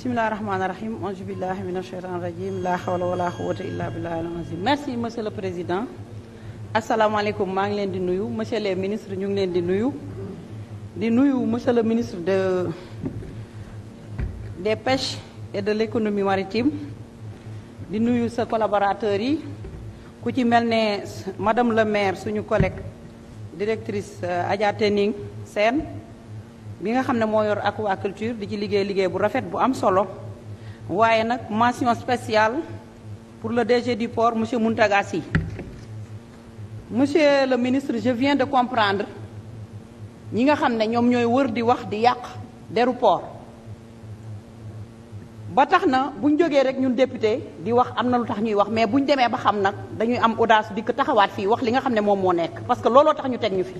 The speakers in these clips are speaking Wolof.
bisimilah rahmaani rahim ange billahi mina sheytan rajim laa xawla wala quwata illa billahi alazim merci monsieur le président asalaamaaleykum maa ngi leen di nuyu monsieur les ñu ngi leen di nuyu di le ministre de des pêches et de l'économie maritime di nuyu sa collaborateurs yi ku ci mel ne madame le maire suñu collègue directrice Adja Tening Sène bi nga xam ne moo yor aquaculture di ci liggéey liggéey bu rafet bu am solo waaye nag mention spéciale pour le DG du port monsieur Mountaga Sy monsieur le ministre je viens de comprendre ñi nga xam ne ñoom ñooy wër di wax di yàq deru port ba tax na bu ñu jógee rek ñun député di wax am na lu tax ñuy wax mais bu ñu demee ba xam nag dañuy am audace dikk taxawaat fii wax li nga xam ne moom moo nekk parce que looloo tax ñu teg ñu fi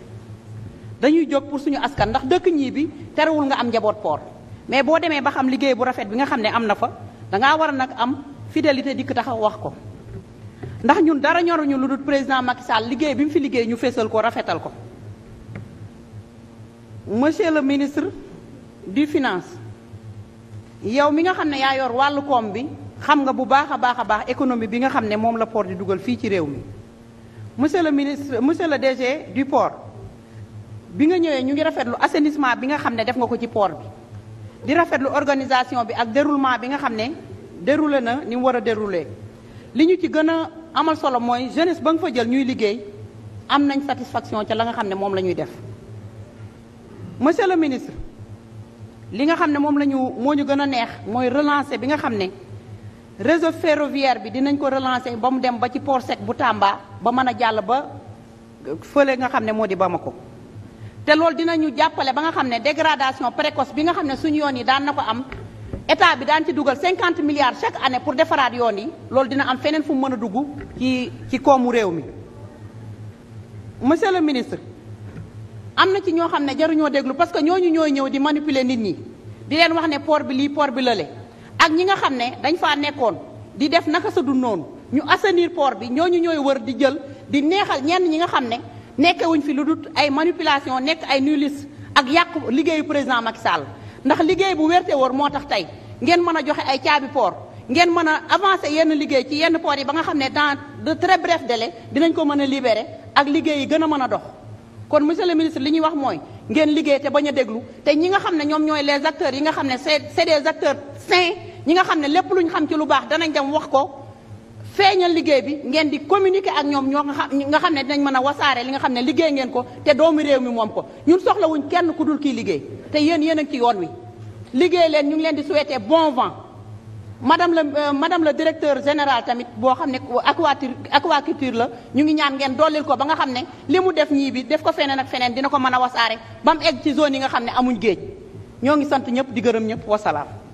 dañuy jóg pour suñu askan ndax dëkk ñii bi terewul nga am njaboot port mais boo demee ba xam liggéey bu rafet bi nga xam ne am na fa dangaa war a nag am fidélité dikk taxaw wax ko ndax ñun dara ñoruñu lu dul président Macky Sall liggéey bi mu fi liggéey ñu feesal ko rafetal ko monsieur le ministre du finance yow mi nga xam ne yaa yor wàllu koom bi xam nga bu baax a baax a baax économie bi nga xam ne moom la port di dugal fii ci réew mi monsieur le ministre monsieur le DG du port bi nga ñëwee ñu ngi rafetlu assainissement bi nga xam ne def nga ko ci port bi di rafetlu organisation bi ak déroulement bi nga xam ne déroulé na ni mu war a déroulé li ñu ci gën a amal solo mooy jeunesse ba nga fa jël ñuy liggéey am nañ satisfaction ca la nga xam ne moom la ñuy def monsieur le ministre li nga xam ne moom la ñu moo ñu gën a neex mooy relancer bi nga xam ne réseau ferroviaire bi dinañ ko relancer ba mu dem ba ci port sec bu Tamba ba mën a jàll ba fële nga xam ne moo di Bamako te loolu dinañu jàppale ba nga xam ne dégradation précoce bi nga xam ne suñu yoon yi daan na ko am état bi daan ci dugal cinquante milliards chaque année pour defaraat yoon yi loolu dina am feneen fu mën a dugg ci ci koomu réew mi. monsieur le ministre am na ci ñoo xam ne jaruñoo déglu parce que ñu ñooy ñëw di manipuler nit ñi di leen wax ne port bi lii port bi lële ak ñi nga xam ne dañ faa nekkoon di def naka sa du noonu ñu assenir port bi ñu ñooy wër di jël di neexal ñenn ñi nga xam ne. nekkewuñ fi lu dut ay manipulation nekk ay nulis ak yàq liggéeyu président Macky Sall ndax liggéey bu wérte wóor moo tax tey ngeen mën a joxe ay caabi port ngeen mën a avancer yenn liggéey ci yenn port yi ba nga xam ne dans de très bref délai dinañ ko mën a libérer ak liggéey yi gën a mën a dox kon monsieur le ministre li ñuy wax mooy ngeen liggéey te bañ a déglu te ñi nga xam ne ñoom ñooy les acteurs yi nga xam ne c'est c'est des acteurs sains ñi nga xam ne lépp luñ xam ci lu baax danañ dem wax ko feeñal liggéey bi ngeen di communiquer ak ñoom ñoo nga xam nga xam ne dinañ mën a wasaare li nga xam ne liggéey ngeen ko te doomu réew mi moom ko ñun soxlawuñ kenn ku dul kii liggéey te yéen yéen ak ci yoon wi liggéey leen ñu ngi leen di souhaiter bon vent madame la euh, madame la directeur général tamit boo xam ne aquaculture aquaculture la ñu ngi ñaan ngeen dollil ko ba nga xam ne li mu def ñii bi def ko feneen ak feneen dina ko mën a wasaare ba mu egg ci zone yi nga xam ne amuñ géej ñoo ngi sant ñëpp di gërëm ñëpp wasalaam